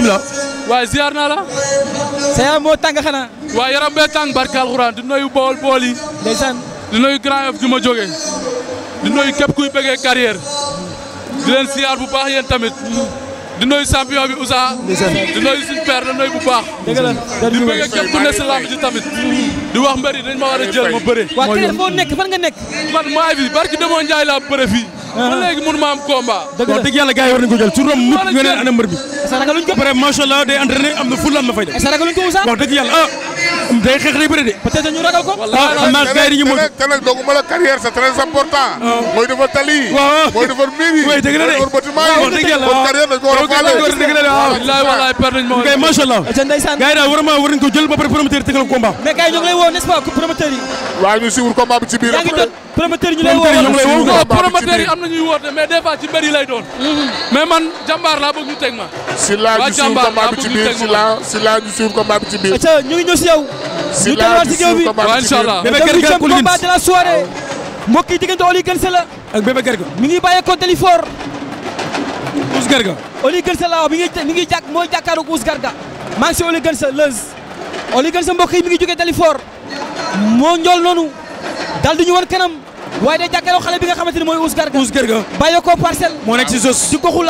bisimilah. waaye ziar naa la. sa yaram moo tàng xanaa. waaye yaram bee tàng barke alxuraan di nuyu bool bool yi. ndeysaan di nuyu Grand Yoff gi ma jógee. di nuyu képp kuy bëggee carrière. di leen ziar bu baax yéen tamit. di nuyu champion bi Ousa. di nuyu suñu père la nuyu bu baax. dëgg la di bëggee képp ku ne si lamb ji tamit. di wax mbër yi dañ ma war a jël ma bëre. waa keneen foo nekk fan nga nekk. man maa fi barke Demba Ndiaye laa bëre fii. Ah. ba léegi mënu ma am combat. dëgg la wax dëgg est-ce que ragaluñ ko après macha allah day entraîné am na ful am na fay def est-ce que ragaluñ ko Ousseynou wax dëgg yàlla ah day xeex rek bëri de peut-être ñu ragal ko ah maa gars yi ñu mën te nag doogu ma la carrière c'est très important ah. mooy defar tali mooy defar mbir yi mooy dëgg la de wax dëgg yàlla victoire yëpp dañ ko war a faale wallaay wallaay perte nañ ma kay macha allah gars yi daal vraiment war nañ ko jël ba pare promoteur tëgal combat mais gars yi ñu ngi lay woo n'est-ce pas promoteur yi waaye ñu suivre combat bi ci biir promoteur yi ñu lay woo promoteur yi am na ñuy woote mais des fois ci mbër yi lay doon mm-hmm. mais man jàmbaar laa bëgg ñu teg ma si laa ñu suivre combat bi ci biir si laa si laa ñu suivre combat bi ci biir ñu ngi ñëw si yow si laa ñu suivre combat bi ci biir combat de la soirée mbokk yi diggante Oli Gane la ak Bébé Garga mi ngi bàyyeekoo Dalifort Garga. Oli Gënsa laaw mi ngi mi ngi jàkk mooy jàkkaaru Ouss Garga maa ngi si Oli Gënsa lëz Oli Gënsa mbokk mi ngi jógee Dalifort moo njool noonu ñu wan waaye day jàkkaaroo xale bi mooy Ouss Garga. Ouss Garga bàyyi ko parcelle. moo nekk si sos di goxu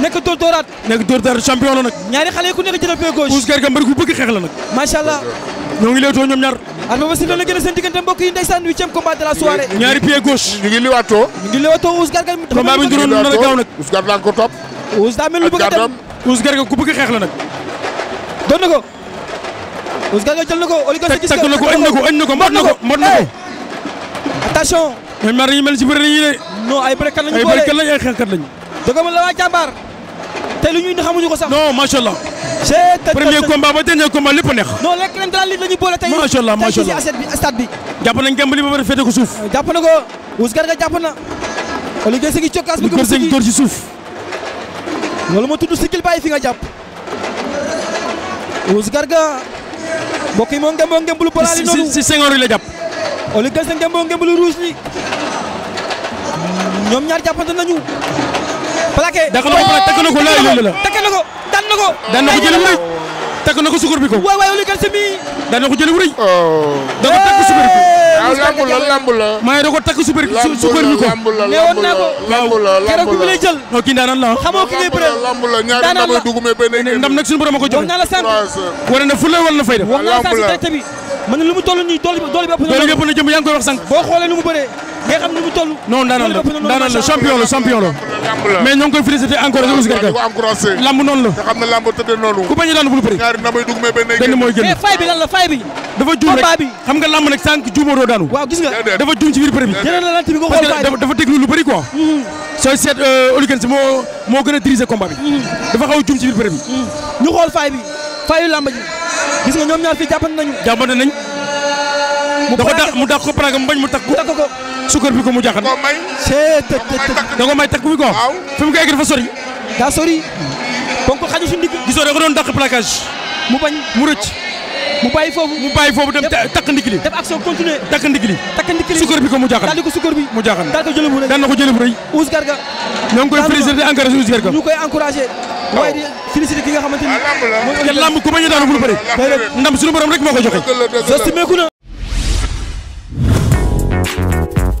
nekk dóor dóoraat. nekk dóor dóoraat champion la ñaari xale yi nekk jël pied gauche. Ouss Garga ku bëgg xeex la nag. macha allah ñoo ngi Armé ah, Mbassine doon na gën a seen diggante mbokk yi ndeysaan huitième combat de la soirée. ñaari pied gauche. ñu ngi liwaatoo. ñu ngi liwaatoo Ouz Garga. combat bi ñu doon gaaw nag. Ouz Garga ko topp. Ouz daa a dem Ouz Garga ku bëgg xeex la nag. doon na ko. Ouz Garga jël na ko. gis nga teg na ko añ na ko añ na ko mot na ko mot na ko. attention. ñoom yi de. non ay bërekat lañu boole ay bërekat lañu ay xeexkat lañu. dëgg la waa jàmbaar te lu ñuy xamuñu ko sax. non macha allah. premier combat ba dernier combat lépp neex. non léegi ren grand lit la ñu boole tey. macha allah macha allah tey ci bi. jàpp nañu gàmbali ba pare féete ko suuf. Euh, jàpp na ko Wuz Garga jàpp na. Aliou tudd sikil bàyyi fi nga jàpp. Wuz Garga. mbokk yi moo ngemboo ngembulu balaa li noonu si si Senghor yi la jàpp. Aliou Guèye Segui ngemboo ngembulu rouge li. ñoom ñaar jàppante nañu. plaqué da ko ko na ko lay lolu la takk na ko dan ko dan ko jëli wu rëy na ko sukur bi ko maa ngi oh. ko takk sukur bi ko eh, ne woon naa ko lamb la keroog jël no kii la xamoo ki ngay bëre lamb la ndam la dugumé benn ndam ko jox war na fulay war na fay def lamb la man lu mu toll nii doole bi na jëm yaa wax sànq boo xoolee lu mu bëree nga xam ni la daanaan la champion la champion la. mais ñoo ngi koy félicité encouragé aussi lamb noonu la. ku bañ a bu lu bëri. dafa juum rek xam nga bi. parce que dafa mm-hmm. euh, moo gën a diriger combat mm-hmm. dafa xaw a juum ci biir bi. Mm-hmm. ñu xool fay bi fayu lamb ji gis nga ñoom ñaar fii jàppante nañu mu dàq mu dàq ko paraga bi ko mu jaxan. da ko may takku bi ko. waaw fi mu ko sori. daa sori. kon ko xaju suñu digg. gisoo da ko doon dàq placage. mu bañ mu rëcc. mu bàyyi foofu dem takk ndig li. action continuer takk ndig li. bi ko mu jaxan. daal di bi mu jaxan. daal ko jëlee bu rëy koy féliciter di encourager Ouz Garga. ñu koy di féliciter ki nga xamante ni. te ah, lamb bañ a daanu bu ndam suñu borom rek moo koy joxe. Thank you.